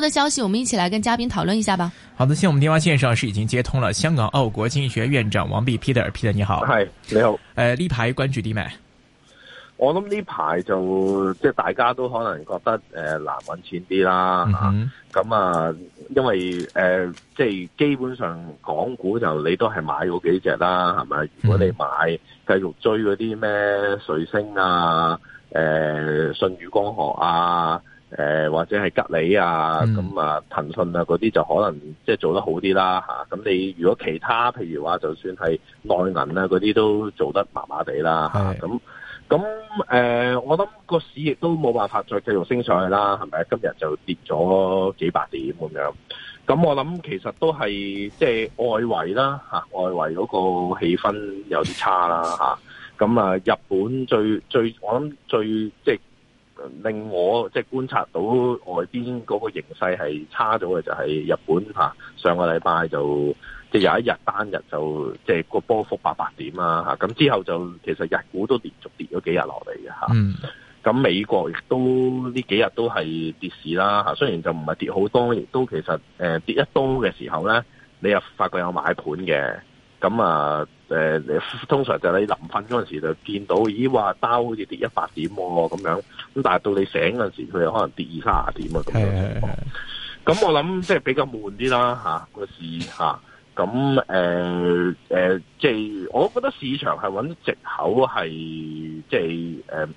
的消息，我們一起來跟嘉賓討論一下吧。好的，現我們電話線上是已經接通了。香港奧國經濟學院院長王弼 Peter。Peter，Peter 你好，係你好。誒、呃，呢排關注啲咩？我諗呢排就即係大家都可能覺得誒、呃、難搵錢啲啦。咁、嗯、啊，因為誒、呃、即係基本上港股就你都係買嗰幾隻啦，係咪？如果你買、嗯、繼續追嗰啲咩瑞聲啊、誒舜宇光學啊。誒、呃，或者係吉利啊，咁、嗯、啊騰訊啊嗰啲就可能即係做得好啲啦吓，咁、啊、你如果其他譬如話就算係內銀呀嗰啲都做得麻麻地啦吓，咁咁誒，我諗個市亦都冇辦法再繼續升上去啦，係咪？今日就跌咗幾百點咁樣，咁我諗其實都係即係外圍啦吓、啊，外圍嗰個氣氛有啲差啦吓，咁啊,啊日本最最我諗最即係。令我即係觀察到外邊嗰個形勢係差咗嘅，就係日本吓上個禮拜就即係有一日單日就即係個波幅八百點啦吓，咁之後就其實日股都連續跌咗幾日落嚟嘅吓，咁美國亦都呢幾日都係跌市啦吓，雖然就唔係跌好多，亦都其實誒跌得多嘅時候咧，你又發覺有買盤嘅。咁啊，你、呃、通常就你臨瞓嗰陣時就見到，咦？話包好似跌一百點喎，啊，咁樣。咁但係到你醒嗰陣時，佢又可能跌二三十點啊，咁樣。咁 我諗即係比較悶啲啦，吓個事吓咁誒誒，即係我覺得市場係揾借口，係即係誒，唔、呃、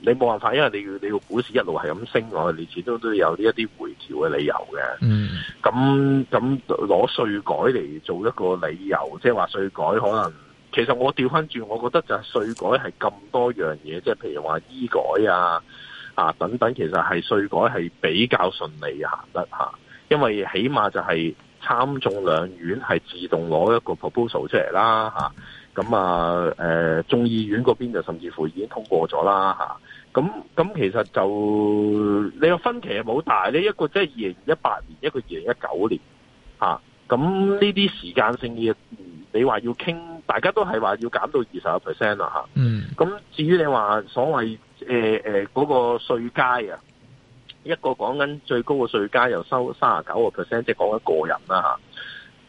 你冇辦法，因為你你個股市一路係咁升，我你始終都有呢一啲回調嘅理由嘅。嗯，咁咁攞稅改嚟做一個理由，即係話稅改可能，其實我調翻轉，我覺得就係稅改係咁多樣嘢，即係譬如話醫改啊啊等等，其實係稅改係比較順利行得吓，因為起碼就係、是。參眾兩院係自動攞一個 proposal 出嚟啦，咁啊誒、啊呃，眾議院嗰邊就甚至乎已經通過咗啦，咁咁其實就你個分歧係冇大，呢一個即係二零一八年，一個二零一九年咁呢啲時間性嘅，你話要傾，大家都係話要減到二十一 percent 啊，啊嗯，咁至於你話所謂誒嗰、呃呃嗰個稅階啊？一個講緊最高嘅稅階又收三十九個 percent，即係講緊個人啦吓。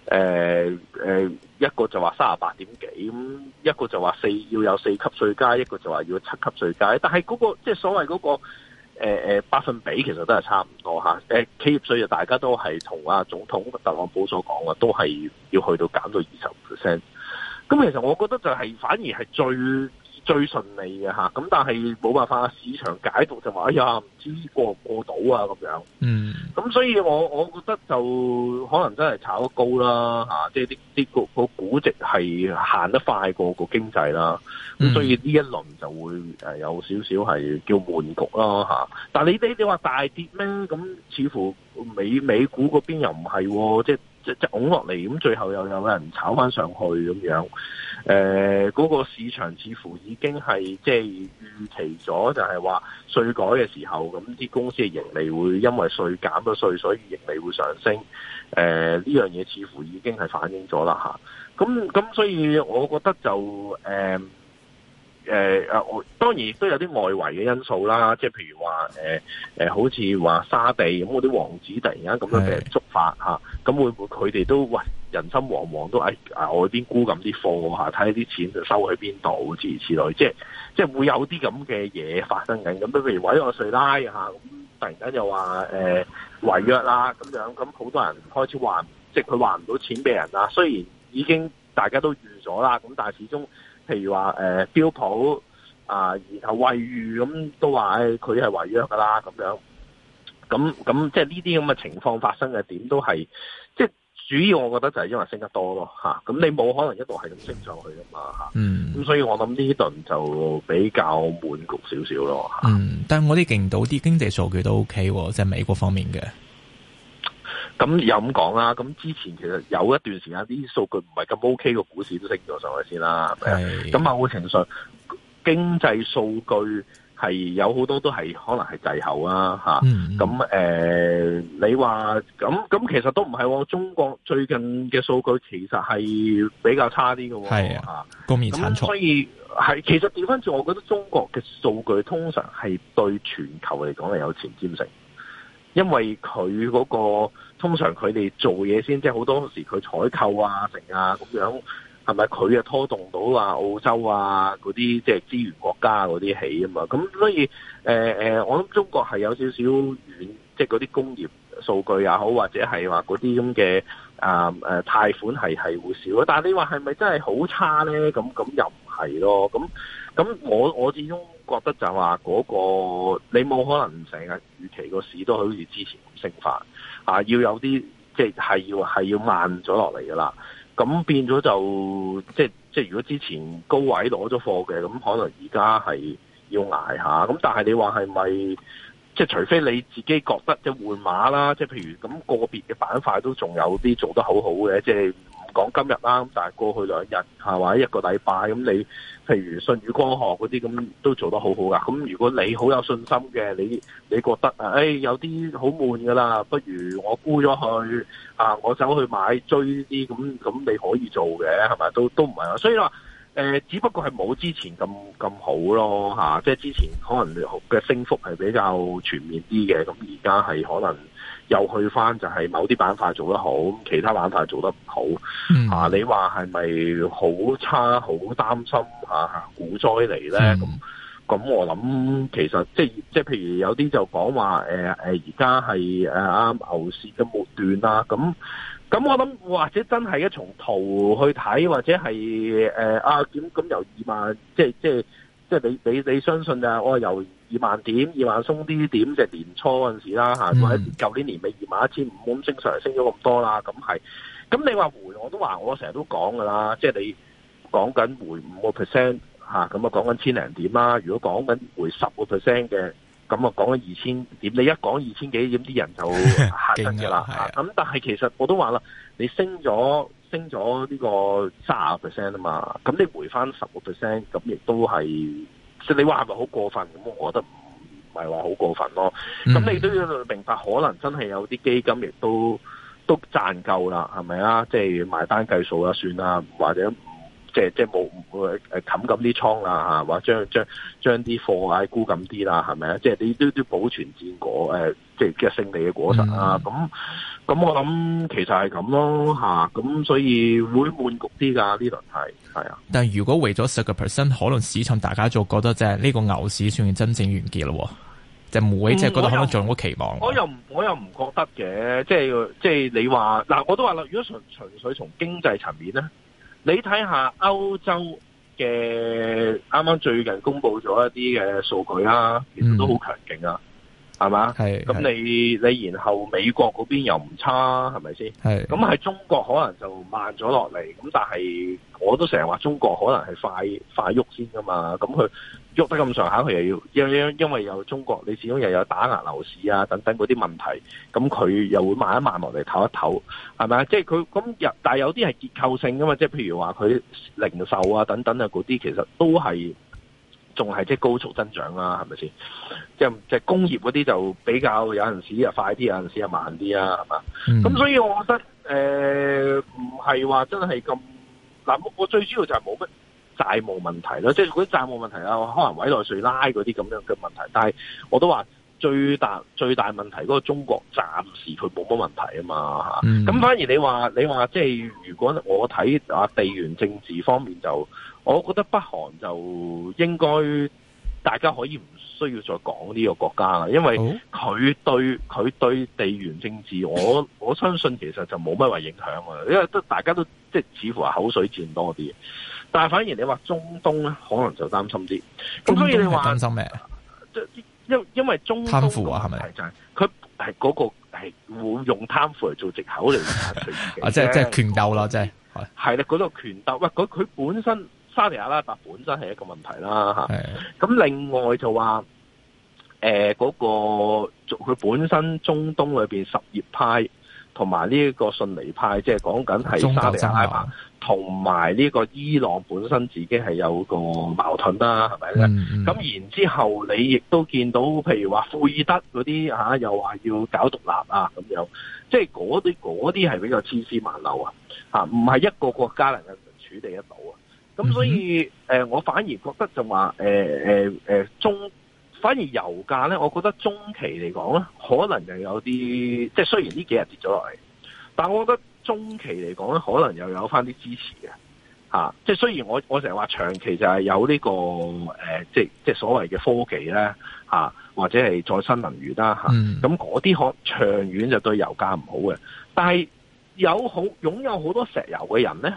誒誒，一個就話三十八點幾，咁一個就話四要有四級稅階，一個就話要七級稅階。但係嗰、那個即係、就是、所謂嗰、那個誒誒、呃、百分比，其實都係差唔多吓。誒，企業稅啊，大家都係同阿總統特朗普所講嘅，都係要去到減到二十五 percent。咁其實我覺得就係反而係最。最順利嘅嚇，咁但係冇辦法，市場解讀就話：哎呀，唔知過唔過到啊，咁樣。Mm. 嗯，咁所以我我覺得就可能真係炒得高啦嚇，即係啲啲個、個個估值係行得快過、個經濟啦。咁所以呢一輪就會誒、呃、有少少係叫悶局啦嚇、啊。但係你哋你話大跌咧，咁似乎美美股嗰邊又唔係即係。就是即即拱落嚟，咁最後又有人炒翻上去咁樣。誒、呃，嗰、那個市場似乎已經係即係預期咗，就係話稅改嘅時候，咁啲公司嘅盈利會因為稅減咗稅，所以盈利會上升。誒、呃，呢樣嘢似乎已經係反映咗啦嚇。咁、啊、咁，所以我覺得就誒誒誒，我、啊啊啊、當然亦都有啲外圍嘅因素啦，即係譬如話誒誒，好似話沙地咁，嗰啲王子突然間咁樣嘅觸發嚇。咁會唔會佢哋都喂人心惶惶，都、哎、誒我外邊沽咁啲貨嚇睇啲錢就收去邊度之類，即係即係會有啲咁嘅嘢發生緊。咁譬如話委內瑞拉嚇咁突然間又話誒違約啦咁樣，咁好多人開始還，即係佢還唔到錢俾人啦。雖然已經大家都預咗啦，咁但係始終譬如話誒、呃、標普啊、呃，然後惠譽咁都話誒佢係違約㗎啦咁樣。咁咁，即係呢啲咁嘅情況發生嘅點都係，即係主要我覺得就係因為升得多咯嚇。咁、啊、你冇可能一路係咁升上去啊嘛嚇。嗯。咁所以我諗呢一輪就比較滿局少少咯嚇。嗯。但係我哋見到啲經濟數據都 OK 喎，即係美國方面嘅。咁有咁講啦。咁之前其實有一段時間啲數據唔係咁 OK，個股市都升咗上去先啦。係。咁、嗯、好程度上經濟數據。係有好多都係可能係滯後啊，吓咁誒，你話咁咁其實都唔係，中國最近嘅數據其實係比較差啲嘅，係啊，各面、嗯、所以係其實調翻轉，我覺得中國嘅數據通常係對全球嚟講係有前瞻性，因為佢嗰個通常佢哋做嘢先，即係好多時佢採購啊，成啊咁樣。係咪佢啊拖動到澳洲啊嗰啲即係資源國家嗰啲起啊嘛？咁所以誒誒、呃，我諗中國係有少少遠，即係嗰啲工業數據又好，或者係話嗰啲咁嘅啊誒，貸、呃呃、款係係會少。但係你話係咪真係好差咧？咁咁又唔係咯？咁咁我我始終覺得就話嗰、嗰個，你冇可能成日預期個市都好似之前咁升法啊，要有啲即係係要係要慢咗落嚟噶啦。咁變咗就即即如果之前高位攞咗貨嘅，咁可能而家係要捱下。咁但係你話係咪即除非你自己覺得即換馬啦，即譬如咁個別嘅板塊都仲有啲做得好好嘅，即。講今日啦，但係過去兩日係咪一個禮拜咁？你譬如信宇光學嗰啲咁都做得好好㗎。咁如果你好有信心嘅，你你覺得啊、哎，有啲好悶㗎啦，不如我沽咗去啊，我走去買追啲咁咁，你可以做嘅係咪？都都唔係啊。所以話、呃、只不過係冇之前咁咁好咯吓，即係、啊就是、之前可能嘅升幅係比較全面啲嘅，咁而家係可能。又去翻就係、是、某啲板塊做得好，其他板塊做得唔好、嗯、啊！你話係咪好差、好擔心啊？股災嚟咧？咁、嗯、咁我諗其實即係即係，譬如有啲就講話誒誒而家係啱啱牛市嘅末段啦，咁咁我諗或者真係一從圖去睇，或者係誒、呃、啊點咁有二萬即即。即即係你你你相信就我由二萬點二萬鬆啲點，即係年初嗰陣時啦吓，舊年年尾二萬一千五咁升上升咗咁多啦，咁係。咁你話回，我都話我成日都講噶啦，即係你講緊回五個 percent 吓，咁啊講緊千零點啦。如果講緊回十個 percent 嘅，咁啊講緊二千點。你一講二千幾點，啲人就吓親噶啦。咁 但係其實我都話啦，你升咗。升咗呢個卅 percent 啊嘛，咁你回翻十個 percent，咁亦都係即係你話係咪好過分？咁我覺得唔係話好過分咯。咁、嗯、你都要明白，可能真係有啲基金亦都都賺夠啦，係咪啊？即係埋單計數啦，算啦，或者即係即係冇唔會冚緊啲倉啦嚇、啊，或者將將將啲貨啊沽緊啲啦，係咪啊？即係你，你都都保存戰果、呃即係即勝利嘅果實、嗯、啊！咁咁我諗其實係咁咯吓，咁、啊、所以會悶局啲噶呢輪係係啊。但係如果為咗十個 percent，可能市場大家就覺得即係呢個牛市算是真正完結咯。就是、每只覺得可能仲有個期望。我又有有有我又唔覺得嘅，即係即係你話嗱，我都話啦，如果純純粹從經濟層面咧，你睇下歐洲嘅啱啱最近公布咗一啲嘅數據啦、啊，其實都好強勁啊。嗯係嘛？係咁你你然後美國嗰邊又唔差，係咪先？係咁喺中國可能就慢咗落嚟，咁但係我都成日話中國可能係快快喐先噶嘛。咁佢喐得咁上下，佢又要因因因為有中國，你始終又有打壓樓市啊等等嗰啲問題，咁佢又會慢一慢落嚟，唞一唞，係咪啊？即係佢咁入，但係有啲係結構性噶嘛，即係譬如話佢零售啊等等啊嗰啲，其實都係。仲係即係高速增長啦，係咪先？即係即係工業嗰啲就比較有陣時又快啲，有陣時又慢啲啊，係嘛？咁、mm -hmm. 所以我覺得誒唔係話真係咁嗱，我最主要就係冇乜債務問題啦，即係嗰啲債務問題啊，可能委內瑞拉嗰啲咁樣嘅問題，但係我都話最大最大問題嗰個中國暫時佢冇乜問題啊嘛，咁、mm -hmm. 反而你話你話即係如果我睇啊地緣政治方面就。我覺得北韓就應該大家可以唔需要再講呢個國家啦，因為佢對佢對地緣政治，我我相信其實就冇乜話影響啊，因為都大家都即係似乎係口水戰多啲。但係反而你話中東咧，可能就擔心啲。咁所以你話擔心咩？因因為中東貪、就是、腐啊，係咪？就係佢係嗰個係會用貪腐嚟做藉口嚟啊， 即係即係拳鬥啦，即係係啦，嗰個拳鬥喂，佢佢本身。沙地阿拉伯本身係一個問題啦，吓。咁另外就話，誒、呃、嗰、嗰個，佢本身中東裏邊什葉派同埋呢一個遜尼派，即係講緊係沙地阿拉伯，同埋呢個伊朗本身自己係有一個矛盾啦，係咪咧？咁、嗯嗯、然之後你亦都見到，譬如話庫爾德嗰啲吓，又話要搞獨立啊，咁樣，即係嗰啲嗰啲係比較千絲萬縷啊，吓，唔係一個國家人能夠處理得到啊。咁所以，誒、嗯呃，我反而覺得就話，誒、呃，誒，誒，中，反而油價咧，我覺得中期嚟講咧，可能又有啲、啊，即係雖然呢幾日跌咗落嚟，但係我覺得中期嚟講咧，可能又有翻啲支持嘅，吓，即係雖然我我成日話長期就係有呢、這個，誒、呃，即係即係所謂嘅科技咧，吓、啊，或者係再生能源啦，吓、啊，咁嗰啲可長遠就對油價唔好嘅，但係有好擁有好多石油嘅人咧。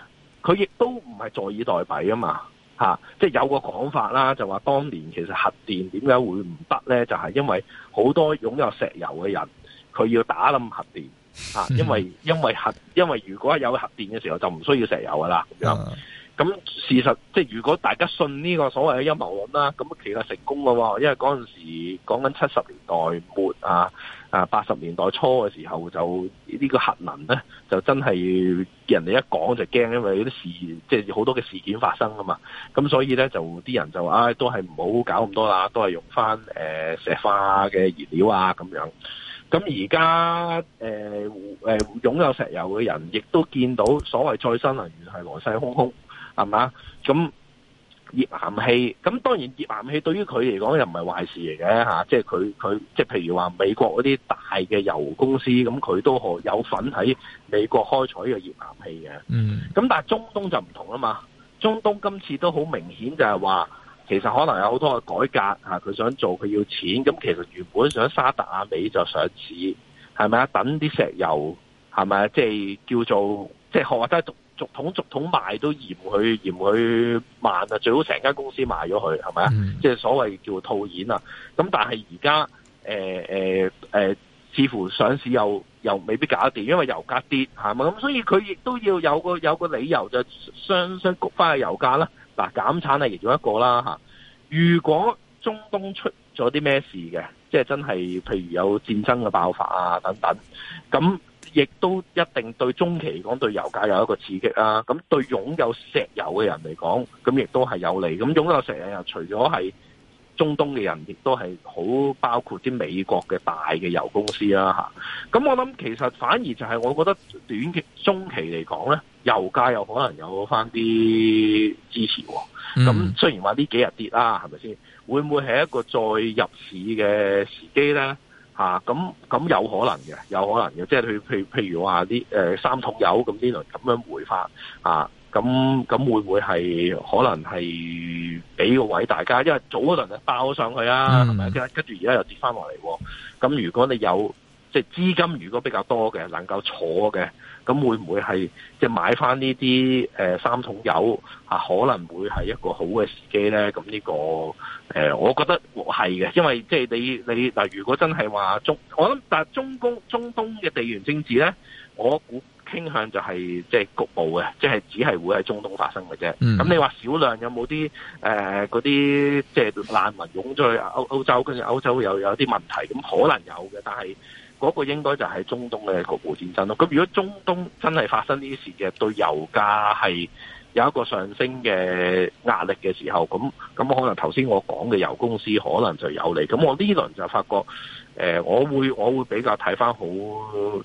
佢亦都唔係坐以待斃啊嘛，啊即係有個講法啦，就話當年其實核電點解會唔得呢？就係、是、因為好多擁有石油嘅人，佢要打冧核電，啊、因為因為核因為如果有核電嘅時候就唔需要石油噶啦咁樣，咁事實即係如果大家信呢個所謂嘅陰謀論啦，咁其實成功㗎喎，因為嗰陣時講緊七十年代末啊。啊，八十年代初嘅時候就呢、這個核能咧，就真係人哋一講就驚，因為有啲事，即係好多嘅事件發生噶嘛。咁所以咧，就啲人就話，啊，都係唔好搞咁多啦，都係用翻誒石化嘅燃料啊咁樣。咁而家誒誒擁有石油嘅人，亦都見到所謂再生能源係來勢洶洶，係嘛？咁。頁岩氣，咁當然頁岩氣對於佢嚟講又唔係壞事嚟嘅吓，即係佢佢即係譬如話美國嗰啲大嘅油公司，咁佢都有份喺美國開採呢個頁岩氣嘅。嗯，咁但係中東就唔同啦嘛，中東今次都好明顯就係話，其實可能有好多嘅改革吓，佢、啊、想做，佢要錢，咁其實原本想沙特阿美就上市，係咪啊？等啲石油係咪即係叫做即係學得。逐桶逐桶賣都嫌佢嫌佢慢啊！最好成間公司賣咗佢，係咪啊？Mm -hmm. 即係所謂叫做套現啊！咁但係而家誒誒誒似乎上市又又未必搞得掂，因為油價跌嘛，咁所以佢亦都要有個有個理由就相相焗翻個油價啦。嗱，減產係其中一個啦吓。如果中東出咗啲咩事嘅，即係真係譬如有戰爭嘅爆發啊等等，咁。亦都一定對中期嚟講，對油價有一個刺激啦、啊。咁對擁有石油嘅人嚟講，咁亦都係有利。咁擁有石油除咗係中東嘅人，亦都係好包括啲美國嘅大嘅油公司啦、啊、嚇。咁我諗其實反而就係我覺得短期、中期嚟講咧，油價又可能有翻啲支持、啊。咁雖然話呢幾日跌啦、啊，係咪先？會唔會係一個再入市嘅時機咧？啊，咁咁有可能嘅，有可能嘅，即係佢，譬譬如話啲，誒、呃、三桶油咁呢輪咁樣回翻，啊，咁咁會唔會係可能係俾個位大家？因為早嗰輪係爆咗上去啦、啊，係咪跟住而家又跌翻落嚟，咁、啊、如果你有即係資金，如果比較多嘅，能夠坐嘅。咁會唔會係即係買翻呢啲誒三桶油啊？可能會係一個好嘅時機咧。咁呢個誒，我覺得係嘅，因為即係你你嗱，呃，如果真係話中，我諗但係中東中東嘅地緣政治咧，我估傾向就係即係局部嘅，即係只係會喺中東發生嘅啫。咁，嗯，你話少量有冇啲誒嗰啲即係難民湧咗去歐歐洲，跟住歐洲又有啲問題，咁可能有嘅，但係。嗰個應該就係中東嘅局部戰爭咯。咁如果中東真係發生呢啲事嘅，對油價係有一個上升嘅壓力嘅時候，咁咁可能頭先我講嘅油公司可能就有利。咁我呢輪就發覺，呃、我會我會比較睇返好，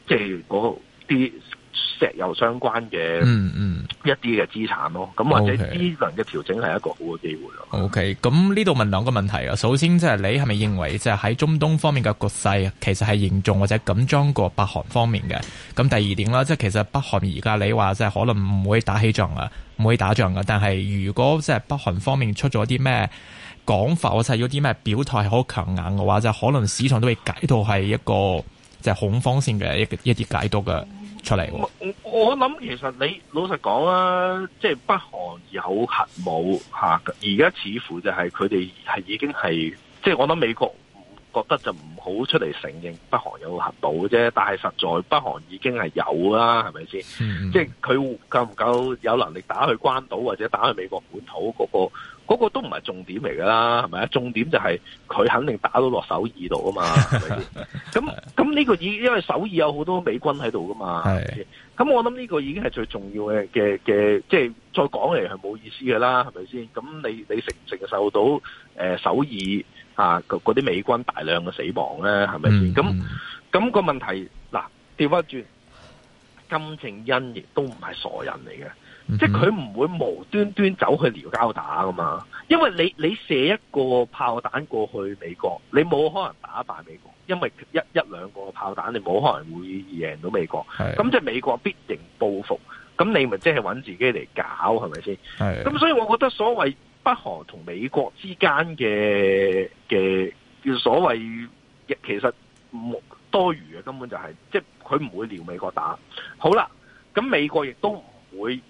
即係嗰啲石油相關嘅，嗯嗯，一啲嘅資產咯。咁或者呢輪嘅調整係一個好嘅機會咯。O K，咁呢度問兩個問題啊。首先即係你係咪認為，即係喺中東方面嘅局勢其實係嚴重或者緊張過北韓方面嘅？咁第二點啦，即係其實北韓而家你話即係可能唔會打起仗啊，唔會打仗噶。但係如果即係北韓方面出咗啲咩講法，或者有啲咩表態好強硬嘅話，就可能市場都會解到係一個即係恐慌性嘅一一啲解讀嘅。出嚟，我我諗其實你老實講啦，即係北韓有核武吓，而家似乎就係佢哋係已經係，即係我諗美國覺得就唔好出嚟承認北韓有核武啫，但係實在北韓已經係有啦，係咪先？嗯、即係佢夠唔夠有能力打去關島或者打去美國本土嗰個？嗰、那個都唔係重點嚟噶啦，係咪啊？重點就係佢肯定打到落首爾度啊嘛，係咪先？咁咁呢個已經因為首爾有好多美軍喺度噶嘛，係。咁我諗呢個已經係最重要嘅嘅嘅，即係再講嚟係冇意思噶啦，係咪先？咁你你承唔承受到誒、呃、首爾啊嗰啲美軍大量嘅死亡咧，係咪先？咁 咁、那個問題嗱，調翻轉，金正恩亦都唔係傻人嚟嘅。即係佢唔會無端端走去撩交打噶嘛，因為你你射一個炮彈過去美國，你冇可能打敗美國，因為一一兩個炮彈你冇可能會贏到美國。咁即係美國必定報復，咁你咪即係揾自己嚟，搞係咪先？咁，所以我覺得所謂北韓同美國之間嘅嘅叫所謂，其實冇多餘嘅，根本就係、是、即係佢唔會撩美國打。好啦，咁美國亦都唔會。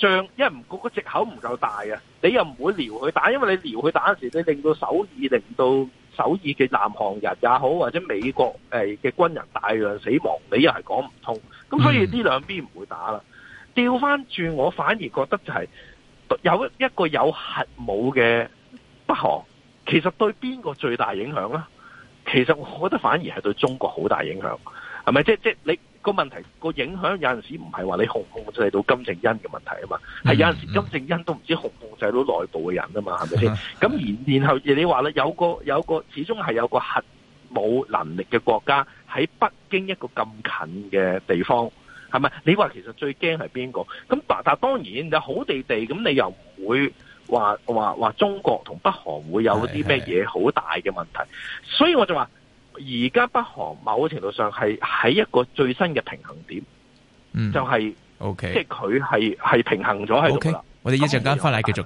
仗，因為唔個個藉口唔夠大啊！你又唔會撩佢打，因為你撩佢打嗰時候，你令到首爾、令到首爾嘅南韓人也好，或者美國誒嘅軍人大量死亡，你又係講唔通。咁所以呢兩邊唔會打啦。調翻轉，我反而覺得就係、是、有一個有核武嘅北韓，其實對邊個最大影響呢？其實我覺得反而係對中國好大影響，係咪？即、就、即、是、你。那個問題、那個影響有陣時唔係話你控控制到金正恩嘅問題啊嘛，係有陣時金正恩都唔知控控制到內部嘅人啊嘛，係咪先？咁然然後你話咧，有個有個始終係有個核武能力嘅國家喺北京一個咁近嘅地方，係咪？你話其實最驚係邊個？咁但但當然就好地地，咁你又唔會話話話中國同北韓會有啲咩嘢好大嘅問題？是是是所以我就話。而家北韓某程度上係喺一個最新嘅平衡點，嗯、就係 OK，即係佢係係平衡咗喺度啦。Okay. 我哋一陣間翻嚟繼續。